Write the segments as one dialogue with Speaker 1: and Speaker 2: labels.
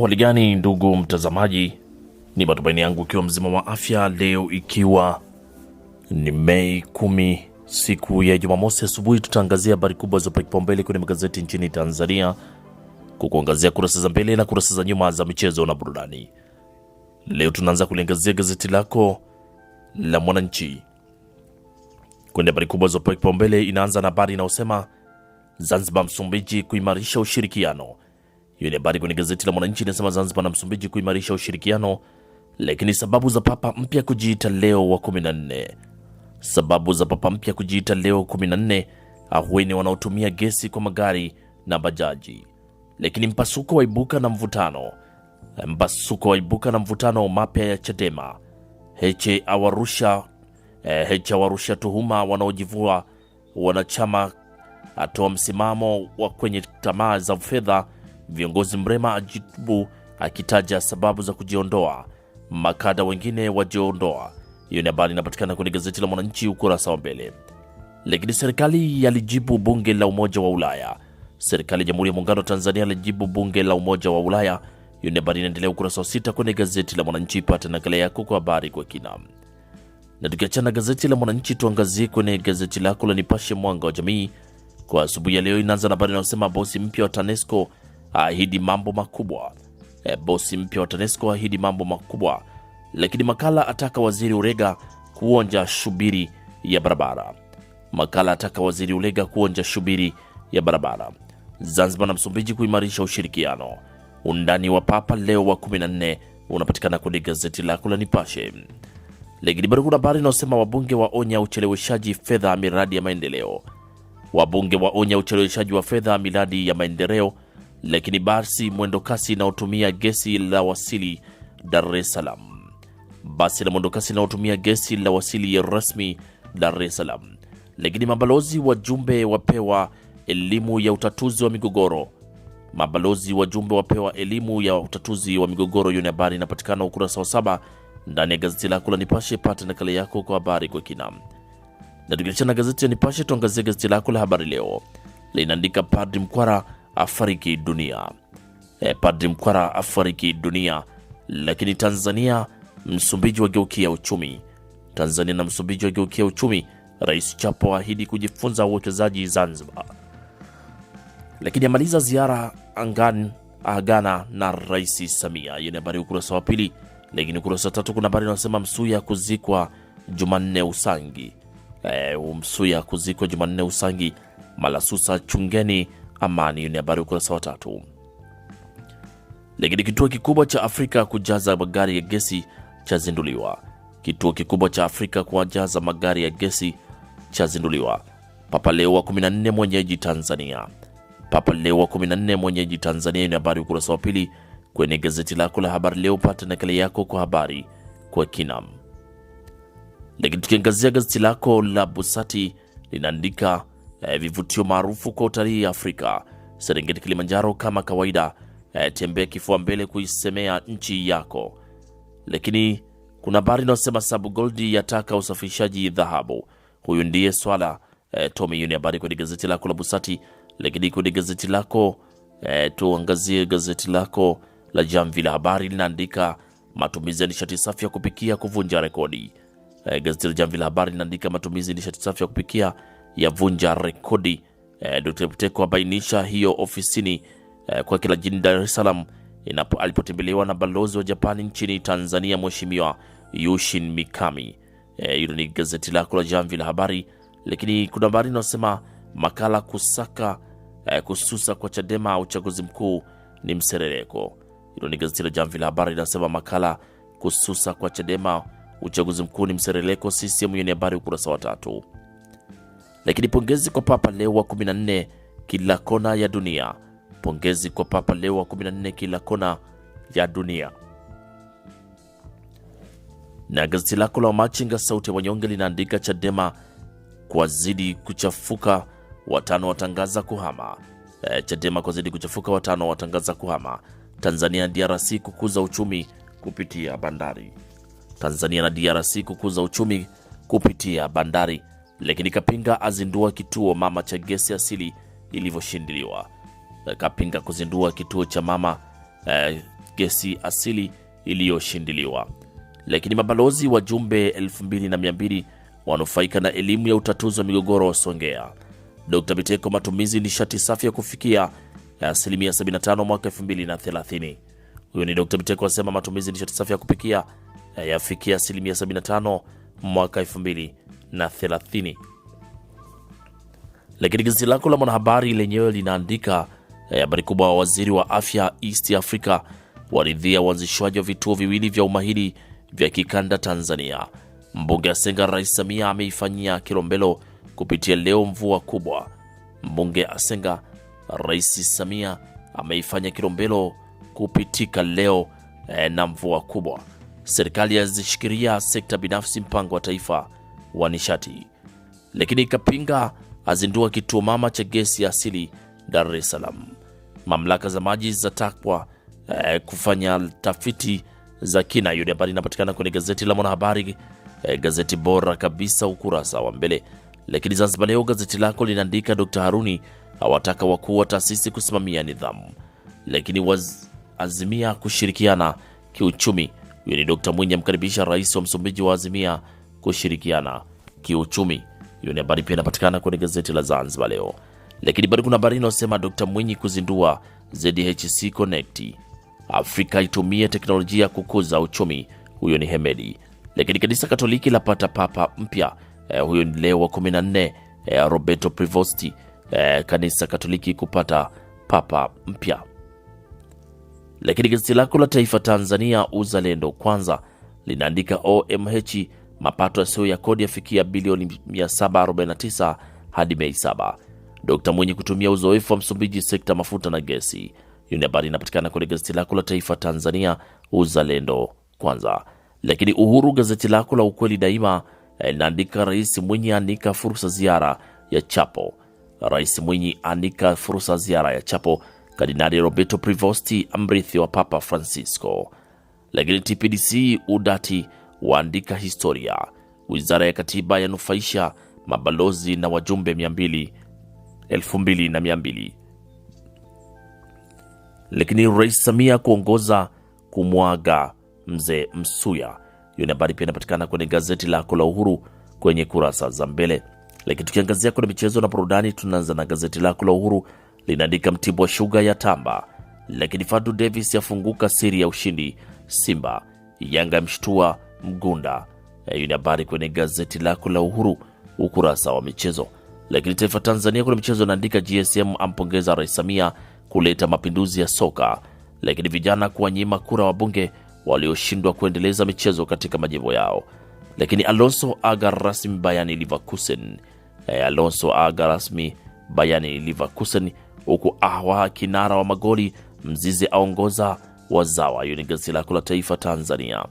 Speaker 1: Hali gani ndugu mtazamaji, ni matumaini yangu ikiwa mzima wa afya. Leo ikiwa ni Mei kumi, siku ya Jumamosi asubuhi, tutaangazia habari kubwa zopa kipaumbele kwenye magazeti nchini Tanzania, kukuangazia kurasa za mbele na kurasa za nyuma za michezo na burudani. Leo tunaanza kuliangazia gazeti lako la Mwananchi kwenye habari kubwa zopa kipaumbele, inaanza na habari inayosema Zanzibar Msumbiji kuimarisha ushirikiano hiyo ni habari kwenye gazeti la Mwananchi inasema Zanzibar na Msumbiji kuimarisha ushirikiano, lakini sababu za papa mpya kujiita Leo wa 14. Sababu za papa mpya kujiita Leo 14, ahueni wanaotumia gesi kwa magari na bajaji. Lakini mpasuko waibuka na mvutano, mpasuko waibuka na mvutano mapya ya Chadema. Heche awarusha, eh, Heche awarusha tuhuma wanaojivua wanachama, atoa msimamo wa kwenye tamaa za fedha Viongozi Mrema ajibu akitaja sababu za kujiondoa, makada wengine wajiondoa. Hiyo ni habari inapatikana kwenye gazeti la Mwananchi ukurasa wa mbele. Lakini serikali yalijibu bunge la Umoja wa Ulaya. Serikali ya Jamhuri ya Muungano wa Tanzania alijibu bunge la Umoja wa Ulaya. Hiyo ni habari inaendelea ukurasa wa sita kwenye gazeti la Mwananchi. Pata nakala yako kwa habari kwa kina. Na tukiachana gazeti la Mwananchi, tuangazie kwenye gazeti lako la Nipashe Mwanga wa Jamii kwa asubuhi ya leo. Inaanza na habari inayosema bosi mpya wa TANESCO ahidi mambo makubwa. E, bosi mpya wa TANESCO ahidi mambo makubwa, lakini Makala ataka waziri Ulega kuonja shubiri ya barabara. Makala ataka waziri Ulega kuonja shubiri ya barabara. Zanzibar na Msumbiji kuimarisha ushirikiano. Undani wa Papa Leo wa 14 unapatikana kwenye gazeti lako la Nipashe. Lakini bado kuna habari inayosema wabunge waonya ucheleweshaji fedha miradi ya maendeleo. Wabunge waonya ucheleweshaji wa fedha miradi ya maendeleo lakini basi mwendokasi inaotumia gesi la wasili Dar es Salaam. Basi la mwendokasi inaotumia gesi la wasili rasmi Dar es Salaam. Lakini mabalozi wajumbe wapewa elimu ya utatuzi wa migogoro. Mabalozi wajumbe wapewa elimu ya utatuzi wa migogoro. Hiyo ni habari inapatikana ukurasa wa saba ndani ya gazeti lako la Nipashe. Pata nakala yako kwa habari kwa kina. Na tukilichana gazeti ya Nipashe, tuangazie gazeti lako la Habari Leo linaandika Padri Mkwara afariki dunia. E, Padri Mkwara afariki dunia. Lakini Tanzania Msumbiji wageukia uchumi. Tanzania na Msumbiji wageukia uchumi. Rais Chapo ahidi kujifunza uwekezaji Zanzibar. Lakini amaliza ziara angani agana na Rais Samia. Hiyo ni habari ukurasa wa pili, lakini ukurasa wa tatu kuna habari inasema Msuya kuzikwa Jumanne Usangi. E, Msuya kuzikwa Jumanne Usangi. Malasusa chungeni amani. Ni habari ukurasa wa tatu. Lakini kituo kikubwa cha Afrika kujaza magari ya gesi chazinduliwa. Kituo kikubwa cha Afrika kujaza magari ya gesi chazinduliwa. Papa Leo wa 14 mwenyeji Tanzania. Papa Leo wa 14 mwenyeji Tanzania ni habari ukurasa wa pili kwenye gazeti lako la Habari Leo. Pata nakala yako kwa habari kwa kinam. Lakini tukiangazia gazeti lako la Busati linaandika eh, vivutio maarufu kwa utalii Afrika. Serengeti, Kilimanjaro kama kawaida, eh, tembea kifua mbele kuisemea nchi yako. Lakini kuna habari inayosema Sabu Goldi yataka usafirishaji dhahabu. Huyu ndiye swala eh, Tommy. Hiyo ni habari kwenye gazeti lako la Busati, lakini kwenye gazeti lako eh, tuangazie gazeti lako la Jamvi la Habari linaandika matumizi ya nishati safi ya kupikia kuvunja rekodi. Eh, gazeti la Jamvi la Habari linaandika matumizi ya nishati safi ya kupikia yavunja rekodi. E, Dr. Mteko abainisha hiyo ofisini e, kwa kila jijini Dar es Salaam alipotembelewa na balozi wa Japani nchini Tanzania Mheshimiwa Yushin Mikami. E, hilo e, ni gazeti lako la Jamvi la Habari, lakini kuna habari inayosema makala kusaka e, kususa kwa Chadema uchaguzi mkuu ni mserereko. Hilo ni gazeti la Jamvi la Habari linasema makala kususa kwa Chadema uchaguzi mkuu ni mserereko, CCM yenye habari ukurasa wa tatu. Lakini pongezi kwa Papa Leo wa 14 kila kona ya dunia. Pongezi kwa Papa Leo wa 14 kila kona ya dunia. Na gazeti lako la Machinga sauti ya wanyonge linaandika Chadema kwazidi kuchafuka, watano watangaza kuhama. E, Chadema kwazidi kuchafuka, watano watangaza kuhama. Tanzania na DRC kukuza uchumi kupitia bandari. Tanzania na DRC kukuza uchumi kupitia bandari lakini Kapinga azindua kituo mama cha gesi asili ilivyoshindiliwa. Eh, kapinga kuzindua kituo cha mama eh, gesi asili iliyoshindiliwa. Lakini mabalozi wajumbe 2200 wanufaika na elimu ya utatuzi wa migogoro Songea. Dr. Biteko, matumizi nishati safi ya kufikia eh, asilimia 75 mwaka 2030. Huyo ni Dr. Biteko asema matumizi nishati safi ya kupikia eh, yafikia asilimia 75 mwaka 2030 na 30. Lakini gazeti lako la Mwanahabari lenyewe linaandika eh, habari kubwa wa waziri wa afya East Africa waridhia uanzishwaji wa vituo viwili vya umahiri vya kikanda Tanzania. Mbunge asenga Rais Samia ameifanyia Kilombelo kupitia leo mvua kubwa. Mbunge asenga Rais Samia ameifanya Kilombelo kupitika leo eh, na mvua kubwa. Serikali yazishikiria sekta binafsi mpango wa taifa wa nishati, lakini ikapinga azindua kituo mama cha gesi ya asili Dar es Salaam. Mamlaka za maji zatakwa eh, kufanya tafiti za kina. Hiyo ni habari inapatikana kwenye gazeti la Mwanahabari, eh, gazeti bora kabisa, ukurasa wa mbele. Lakini Zanzibar Leo gazeti lako linaandika Dr Haruni awataka wakuu wa taasisi kusimamia nidhamu, lakini waazimia kushirikiana kiuchumi. Huyo ni Dr Mwinyi amkaribisha rais wa Msumbiji wa Azimia kushirikiana kiuchumi. Hiyo ni habari pia inapatikana kwenye gazeti la Zanzibar Leo, lakini bado kuna habari inayosema Dr Mwinyi kuzindua ZHC Connect, Afrika itumie teknolojia kukuza uchumi. Huyo ni Hemedi. Lakini kanisa Katoliki lapata papa mpya eh, huyo ni Leo wa 14 eh, Roberto Prevosti eh, kanisa Katoliki kupata papa mpya. Lakini gazeti lako la Taifa Tanzania Uzalendo Kwanza linaandika OMH mapato yasiyo ya kodi yafikia bilioni 749 hadi Mei 7. Dr Mwinyi kutumia uzoefu wa Msumbiji sekta mafuta na gesi. Hiyo ni habari inapatikana kwenye gazeti lako la Taifa Tanzania, Uzalendo Kwanza. Lakini Uhuru, gazeti lako la Ukweli Daima eh, linaandika Rais Mwinyi anika fursa ziara ya Chapo. Rais Mwinyi anika fursa ziara ya Chapo. Kardinali Roberto Privosti, mrithi wa Papa Francisco. Lakini TPDC udati waandika historia. Wizara ya Katiba yanufaisha mabalozi na wajumbe 200 2200. Lakini Rais Samia kuongoza kumwaga mzee Msuya. Hiyo ni habari pia inapatikana kwenye gazeti lako la Uhuru kwenye kurasa za mbele. Lakini tukiangazia kwenye michezo na burudani, tunaanza na gazeti lako la Uhuru linaandika Mtibwa Shuga ya tamba, lakini Fadu Davis yafunguka siri ya ushindi Simba, Yanga mshtua Mgunda. Eh, hiyo ni habari kwenye gazeti lako la Uhuru ukurasa wa michezo. Lakini Taifa Tanzania kwenye michezo inaandika GSM ampongeza Rais Samia kuleta mapinduzi ya soka, lakini vijana kuwanyima kura wabunge walioshindwa kuendeleza michezo katika majimbo yao. Lakini Alonso aga rasmi Bayani Leverkusen. E, Alonso aga rasmi Bayani Leverkusen, huku Ahwa kinara wa magoli Mzize aongoza wazawa. Hiyo ni gazeti lako la Taifa Tanzania.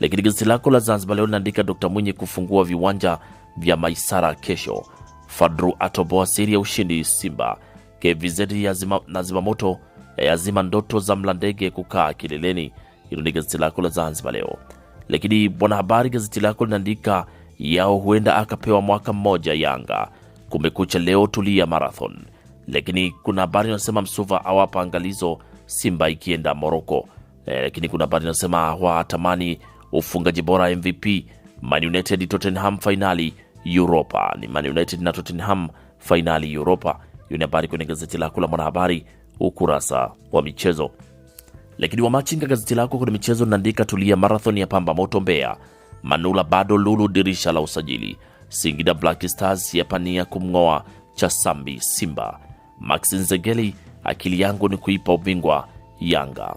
Speaker 1: Lakini gazeti lako la Zanzibar Leo linaandika Dkt Mwinyi kufungua viwanja vya Maisara kesho, Fadru atoboa siri ya ushindi Simba, KVZ na zimamoto eh, yazima ndoto za Mlandege kukaa kileleni. Hilo ni gazeti lako la Zanzibar Leo. Lakini bwana habari, gazeti lako linaandika yao huenda akapewa mwaka mmoja Yanga, kumekucha leo tulia marathon. Lakini kuna habari inasema Msuva awapa angalizo Simba ikienda Moroko. Eh, lakini kuna habari inasema watamani ufungaji bora MVP, Man United Tottenham finali Europa. Ni Man United na Tottenham fainali Europa. Hiyo ni habari kwenye gazeti lako la Mwanahabari ukurasa wa michezo. Lakini Wamachinga, gazeti lako kwenye michezo linaandika tulia, marathon ya pamba moto Mbeya, Manula bado lulu dirisha la usajili, Singida Black Stars yapania kumng'oa cha sambi Simba, Max Nzegeli akili yangu ni kuipa ubingwa Yanga.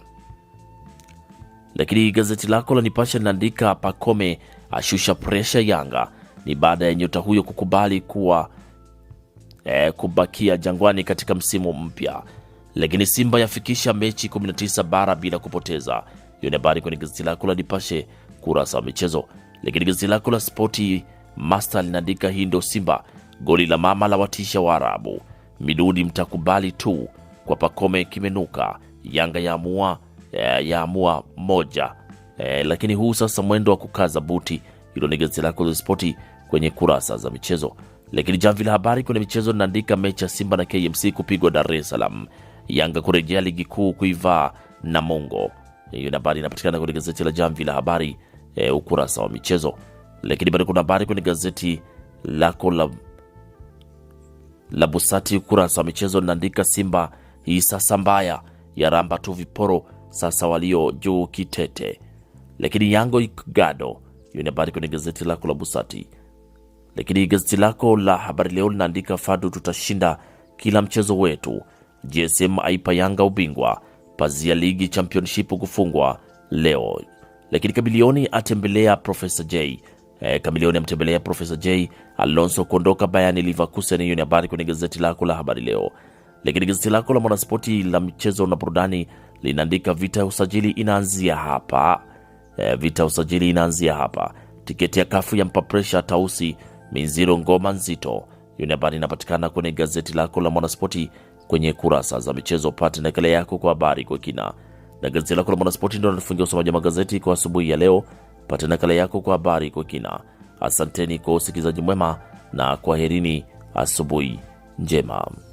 Speaker 1: Lakini gazeti lako la Nipashe linaandika Pacome ashusha presha Yanga, ni baada ya nyota huyo kukubali kuwa eh, kubakia Jangwani katika msimu mpya. Lakini Simba yafikisha mechi 19 bara bila kupoteza. Hiyo ni habari kwenye gazeti lako la Nipashe kurasa wa michezo. Lakini gazeti lako la Spoti Master linaandika hii ndio Simba, goli la mama la watisha Waarabu, miduni mtakubali tu kwa Pakome kimenuka, Yanga yaamua eh, yaamua moja eh, lakini huu sasa mwendo wa kukaza buti. Hilo ni gazeti lako la spoti kwenye kurasa za michezo. Lakini jamvi la habari kwenye michezo linaandika mechi ya Simba na KMC kupigwa Dar es Salaam, Yanga kurejea ligi kuu kuivaa Namungo. Hiyo habari inapatikana kwenye gazeti la jamvi la habari eh, ukurasa wa michezo. Lakini bado kuna habari kwenye gazeti lako la la Busati ukurasa wa michezo linaandika Simba hii sasa mbaya, ya ramba tu viporo sasa walio juu kitete. Lakini yango gado hiyo ni habari kwenye gazeti lako la Busati. Lakini gazeti lako la Habari Leo linaandika Fadu, tutashinda kila mchezo wetu. GSM aipa Yanga ubingwa, pazia ligi championship kufungwa leo. Lakini Kamilioni atembelea Profesa J. Eh, Kamilioni amtembelea Profesa J. Alonso kuondoka Bayani Leverkusen. Hiyo ni habari kwenye gazeti lako la Habari Leo. Lakini gazeti lako la Mwanaspoti la michezo na burudani linaandika vita ya usajili inaanzia hapa. E, vita ya usajili inaanzia hapa. Tiketi ya kafu ya mpa presha Tausi Minziro ngoma nzito. Hiyo ni habari inapatikana kwenye gazeti lako la Mwanaspoti kwenye kurasa za michezo. Pate nakala yako kwa habari kwa kina, na gazeti lako la Mwanaspoti ndo linatufungia usomaji wa magazeti kwa asubuhi ya leo. Pate nakala yako kwa habari kwa kina. Asanteni kwa usikilizaji mwema na kwaherini, asubuhi njema.